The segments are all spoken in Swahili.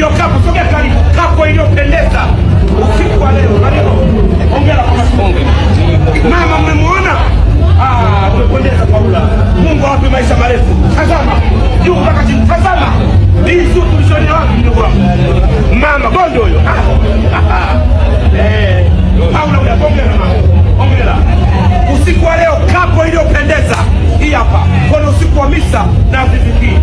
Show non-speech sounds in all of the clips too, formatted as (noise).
ndio kapu, sogea karibu, kapu iliyopendeza usiku wa leo. Ndio ongea na mama songe, mama, mmemwona ah, umependeza Paula. Mungu awape maisha marefu. Tazama juu mpaka chini, tazama hii suti ulishonea wapi, ndugu wangu? Mama bondo huyo, ah, ah, ah. eh Paula, unapongea mama, ongea usiku wa leo, kapu iliyopendeza hii hapa kwa usiku wa misa na vipi hii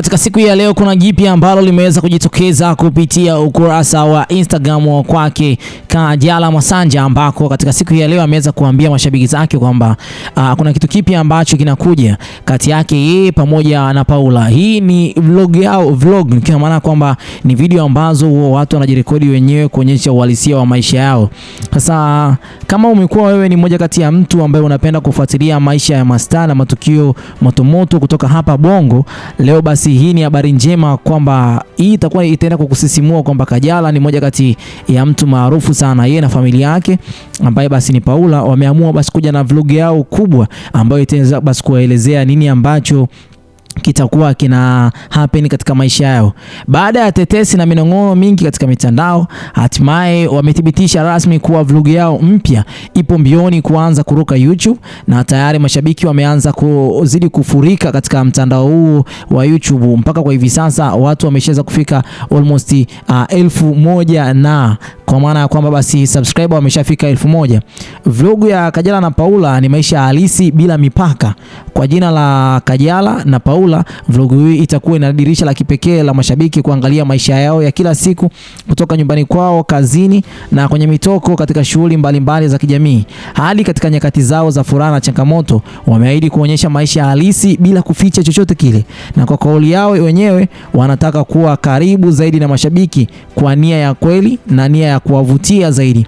Katika siku ya leo kuna jipya ambalo limeweza kujitokeza kupitia ukurasa wa Instagram kwake Kajala Masanja, ambako katika siku ya leo ameweza kuambia mashabiki zake kwamba uh, kuna kitu kipya ambacho kinakuja kati yake yeye pamoja na Paula. Hii ni vlog yao, vlog kwa maana kwamba ni video ambazo watu wanajirekodi wenyewe kuonyesha uhalisia wa maisha yao. Sasa kama umekuwa wewe ni mmoja kati ya mtu ambaye unapenda kufuatilia maisha ya mastaa na matukio motomoto kutoka hapa Bongo, leo basi basi hii ni habari njema kwamba hii itakuwa itaenda kukusisimua kwamba Kajala ni moja kati ya mtu maarufu sana, yeye na familia yake ambaye basi ni Paula wameamua basi kuja na vlog yao kubwa ambayo itaweza basi kuwaelezea nini ambacho kitakuwa kina happen katika maisha yao. Baada ya tetesi na minong'ono mingi katika mitandao, hatimaye wamethibitisha rasmi kuwa vlog yao mpya ipo mbioni kuanza kuruka YouTube, na tayari mashabiki wameanza kuzidi kufurika katika mtandao huu wa YouTube. Mpaka kwa hivi sasa watu wameshaweza kufika almost uh, elfu moja na kwa maana ya kwamba basi subscriber wameshafika elfu moja. Vlogu ya Kajala na Paula ni maisha halisi bila mipaka. Kwa jina la Kajala na Paula, vlogu hii itakuwa ina dirisha la kipekee la mashabiki kuangalia maisha yao ya kila siku kutoka nyumbani kwao, kazini na kwenye mitoko, katika shughuli mbalimbali za kijamii, hadi katika nyakati zao za furaha na changamoto. Wameahidi kuonyesha maisha halisi bila kuficha chochote kile, na kwa kauli yao wenyewe wanataka kuwa karibu zaidi na mashabiki kwa nia ya kweli na nia ya kuwavutia zaidi.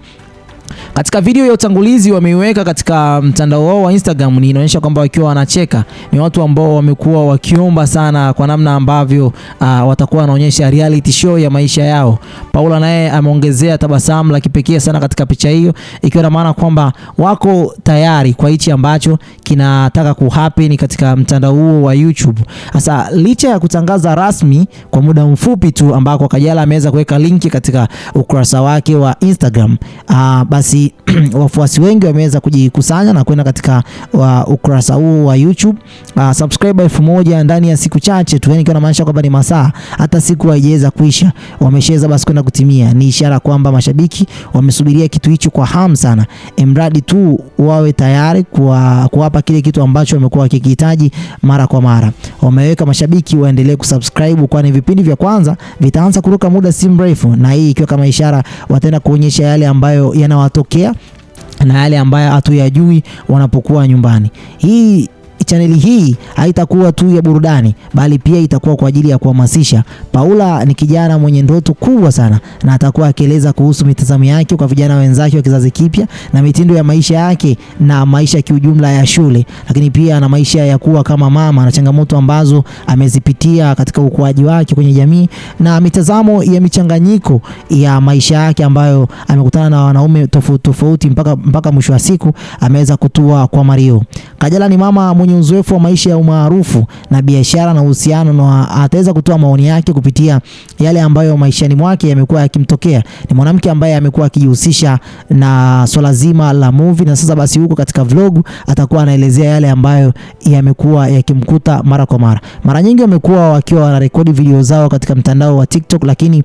Katika video ya utangulizi wameiweka katika mtandao wao wa Instagram, ni inaonyesha kwamba wakiwa wanacheka, ni watu ambao wamekuwa wakiomba sana kwa namna ambavyo uh, watakuwa wanaonyesha reality show ya maisha yao. Paula naye ameongezea tabasamu la kipekee sana katika picha hiyo, ikiwa na maana kwamba wako tayari kwa hichi ambacho kinataka kuhappen katika mtandao huo wa YouTube. Sasa licha ya kutangaza rasmi kwa muda mfupi tu ambako Kajala ameweza kuweka linki katika ukurasa wake wa Instagram uh, basi (clears throat) wafuasi wengi wameweza kujikusanya na kwenda katika wa ukurasa huu wa YouTube. Uh, ah, subscriber elfu moja ndani ya siku chache tu, yani kwa inamaanisha kwamba ni masaa, hata siku haijaweza kuisha, wameshaweza basi kwenda kutimia. Ni ishara kwamba mashabiki wamesubiria kitu hicho kwa hamu sana, emradi tu wawe tayari kwa kuwapa kile kitu ambacho wamekuwa wakikihitaji mara kwa mara. Wameweka mashabiki waendelee kusubscribe, kwani vipindi vya kwanza vitaanza kuruka muda si mrefu, na hii ikiwa kama ishara wataenda kuonyesha yale ambayo yana yanatokea na yale ambayo hatuyajui wanapokuwa nyumbani. Hii chaneli hii haitakuwa tu ya burudani, bali pia itakuwa kwa ajili ya kuhamasisha. Paula ni kijana mwenye ndoto kubwa sana, na atakuwa akieleza kuhusu mitazamo yake kwa vijana wenzake wa kizazi kipya na mitindo ya maisha yake na maisha kiujumla ya shule, lakini pia na maisha ya kuwa kama mama na changamoto ambazo amezipitia katika ukuaji wake kwenye jamii na mitazamo ya michanganyiko ya maisha yake ambayo amekutana na wanaume tofauti tofauti mpaka, mpaka mwisho wa siku ameweza kutua kwa Mario. Kajala ni mama mwenye uzoefu wa maisha ya umaarufu na biashara na uhusiano, na ataweza kutoa maoni yake kupitia yale ambayo maishani mwake yamekuwa yakimtokea. Ni mwanamke ambaye amekuwa akijihusisha na swala zima la movie, na sasa basi huko katika vlog atakuwa anaelezea yale ambayo yamekuwa yakimkuta mara kwa mara. Mara nyingi wamekuwa wakiwa wanarekodi video zao katika mtandao wa TikTok, lakini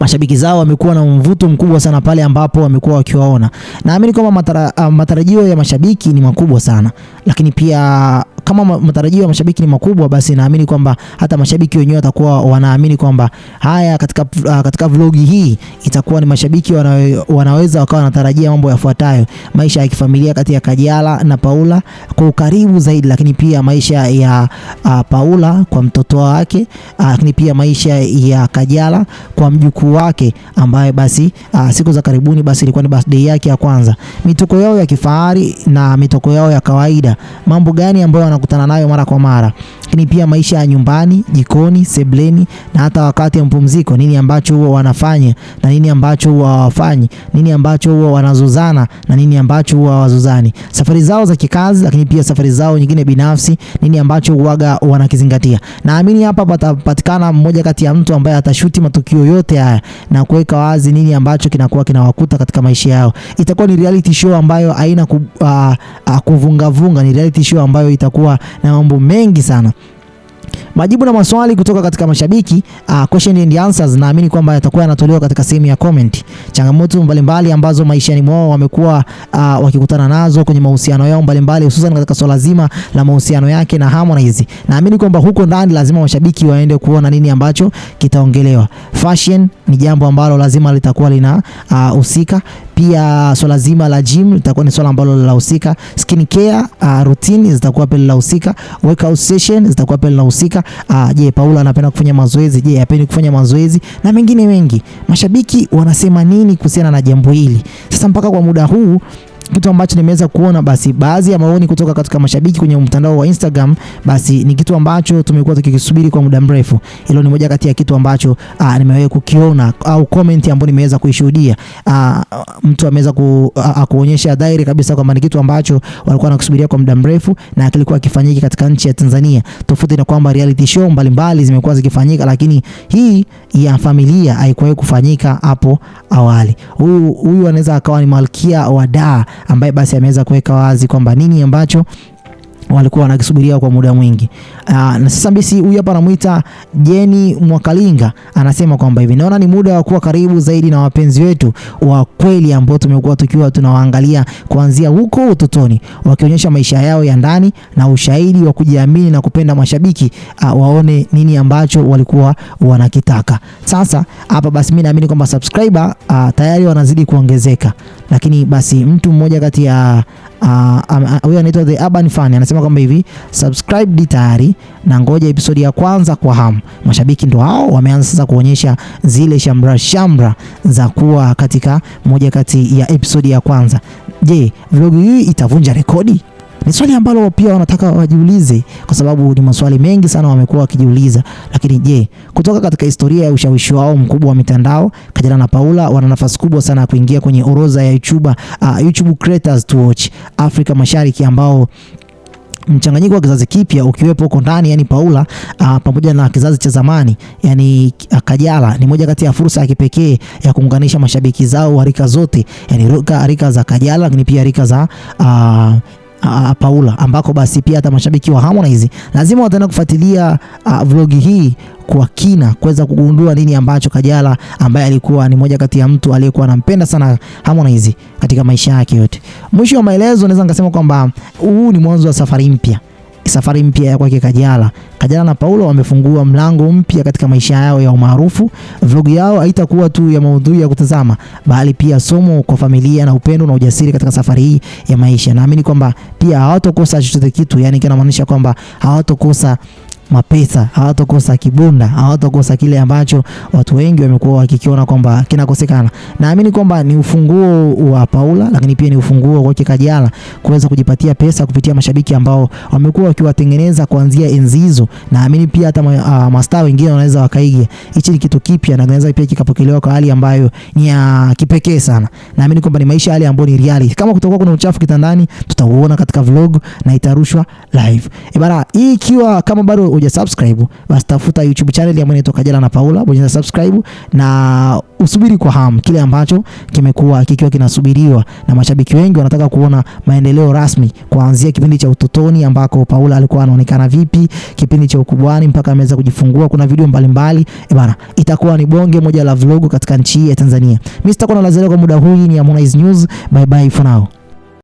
mashabiki zao wamekuwa na mvuto mkubwa sana pale ambapo wamekuwa wakiwaona. Naamini kwamba matara, uh, matarajio ya mashabiki ni makubwa sana, lakini pia kama matarajio ya mashabiki ni makubwa, basi naamini kwamba hata mashabiki wenyewe watakuwa wanaamini kwamba haya katika, uh, katika vlogi hii itakuwa ni mashabiki wanawe, wanaweza wakawa wanatarajia mambo yafuatayo: maisha ya kifamilia kati ya Kajala na Paula kwa ukaribu zaidi, lakini pia maisha ya uh, Paula kwa mtoto wake, uh, lakini pia maisha ya Kajala kwa mjukuu wake ambaye basi uh, siku za karibuni basi ilikuwa ni birthday yake ya kwanza. Mitoko yao ya kifahari na mitoko yao ya kawaida, mambo gani ambayo anakutana nayo mara kwa mara. Lakini pia maisha ya nyumbani, jikoni, sebleni na hata wakati wa mapumziko, nini ambacho huwa wanafanya na nini ambacho huwa hawafanyi, nini ambacho huwa wanazozana na nini ambacho huwa hawazozani, safari zao za kikazi, lakini pia safari zao nyingine binafsi, nini ambacho huaga wanakizingatia. Naamini hapa patapatikana mmoja kati ya mtu ambaye atashuti matukio yote haya na kuweka wazi nini ambacho kinakuwa kinawakuta katika maisha yao. Itakuwa ni reality show ambayo haina ku, uh, ah, uh, ah, kuvungavunga, ni reality show ambayo itakuwa kuwa na mambo mengi sana majibu na maswali kutoka katika mashabiki uh, question and answers. Naamini kwamba yatakuwa yanatolewa katika sehemu ya comment. Changamoto mbalimbali ambazo maishani mwao wamekuwa uh, wakikutana nazo kwenye mahusiano yao mbalimbali, hususan katika swala zima la mahusiano yake na Harmonize. Naamini kwamba huko ndani lazima mashabiki waende kuona nini ambacho kitaongelewa. Fashion ni jambo ambalo lazima litakuwa linahusika. Ah, uh, pia swala zima la gym litakuwa ni swala ambalo linahusika. Skin care uh, routine zitakuwa pia linahusika. Workout session zitakuwa pia linahusika. Uh, ah, je, Paula anapenda kufanya mazoezi? Je, hapendi kufanya mazoezi? Na mengine mengi. Mashabiki wanasema nini kuhusiana na jambo hili? Sasa mpaka kwa muda huu kitu ambacho nimeweza kuona basi baadhi ya maoni kutoka katika mashabiki kwenye mtandao wa Instagram, basi ni kitu ambacho tumekuwa tukikisubiri kwa muda mrefu. Hilo ni moja kati ya kitu ambacho ah, nimewahi kukiona au comment ambayo nimeweza kuishuhudia. Ah, mtu ameweza ku, kuonyesha dhahiri kabisa kwamba ni kitu ambacho walikuwa wanakisubiria kwa muda mrefu na kilikuwa kifanyiki katika nchi ya Tanzania. Tofauti na kwamba reality show mbalimbali zimekuwa zikifanyika, lakini hii ya familia haikuwahi kufanyika hapo awali. Huyu huyu anaweza akawa ni malkia wa daa ambaye basi ameweza kuweka wazi kwamba nini ambacho walikuwa wanakisubiria kwa muda mwingi. Aa, ah, na sasa mbisi huyu hapa anamuita Jeni Mwakalinga anasema kwamba hivi naona ni muda wa kuwa karibu zaidi na wapenzi wetu wa kweli ambao tumekuwa tukiwa tunawaangalia kuanzia huko utotoni, wakionyesha maisha yao ya ndani na ushahidi wa kujiamini na kupenda mashabiki aa, ah, waone nini ambacho walikuwa wanakitaka. Sasa hapa basi mimi naamini kwamba subscriber ah, tayari wanazidi kuongezeka, lakini basi mtu mmoja kati ya Ah, ah, ah, huyo uh, anaitwa The Urban Fan anasema kwamba hivi subscribe tayari na ngoja episodi ya kwanza kwa hamu. Mashabiki ndo hao wameanza sasa kuonyesha zile shamra shamra za kuwa katika moja kati ya episodi ya kwanza. Je, vlogu hii itavunja rekodi? Ni swali ambalo pia wanataka wajiulize, kwa sababu ni maswali mengi sana wamekuwa wakijiuliza. Lakini je, kutoka katika historia ya ushawishi wao mkubwa wa mitandao, Kajala na Paula wana nafasi kubwa sana ya kuingia kwenye orodha ya YouTube, uh, YouTube creators to watch Afrika Mashariki ambao mchanganyiko wa kizazi kipya ukiwepo huko ndani, yani Paula uh, pamoja na kizazi cha zamani, yani uh, Kajala, ni moja kati ya fursa ya kipekee ya kuunganisha mashabiki zao wa rika zote, yani rika za Kajala, lakini pia rika za uh, uh, Paula ambako basi pia hata mashabiki wa Harmonize lazima wataenda kufuatilia uh, vlogi hii kwa kina kuweza kugundua nini ambacho Kajala ambaye alikuwa ni moja kati ya mtu aliyekuwa anampenda sana Harmonize katika maisha yake yote. Mwisho wa maelezo, naweza nikasema kwamba huu ni mwanzo wa safari mpya safari mpya ya kwake Kajala. Kajala na Paulo wamefungua mlango mpya katika maisha yao ya umaarufu. Vlog yao haitakuwa tu ya maudhui ya kutazama, bali pia somo kwa familia na upendo na ujasiri katika safari hii ya maisha. Naamini kwamba pia hawatokosa chochote kitu, yani kinamaanisha kwamba hawatokosa mapesa, hawatokosa kibunda, hawatokosa kile ambacho watu wengi wamekuwa wakikiona kwamba kinakosekana. Naamini kwamba ni ufunguo wa Paula, lakini pia ni ufunguo kwa Kajala kuweza kujipatia pesa kupitia mashabiki ambao wamekuwa wakiwatengeneza kuanzia enzi hizo. Naamini pia hata uh, mastaa wengine wanaweza wakaiga. Hichi ni kitu kipya na kinaweza pia kikapokelewa kwa hali ambayo ni ya kipekee sana. Naamini kwamba ni maisha hali ambayo ni reality. Kama kutakuwa kuna uchafu kitandani, tutauona katika vlog na itarushwa live. E bana, hii ikiwa kama bado uja subscribe, basi tafuta YouTube channel ambayo inaitwa Kajala na Paula, bonyeza subscribe na usubiri kwa hamu kile ambacho kimekuwa kikiwa kinasubiriwa na mashabiki wengi. Wanataka kuona maendeleo rasmi kuanzia kipindi cha utotoni ambako Paula alikuwa anaonekana vipi, kipindi cha ukubwani mpaka ameweza kujifungua. Kuna video mbalimbali E bana, itakuwa ni bonge moja la vlog katika nchi ya Tanzania. Mimi sitakuwa na lazima kwa muda huu. Ni Harmonize News, bye bye for now.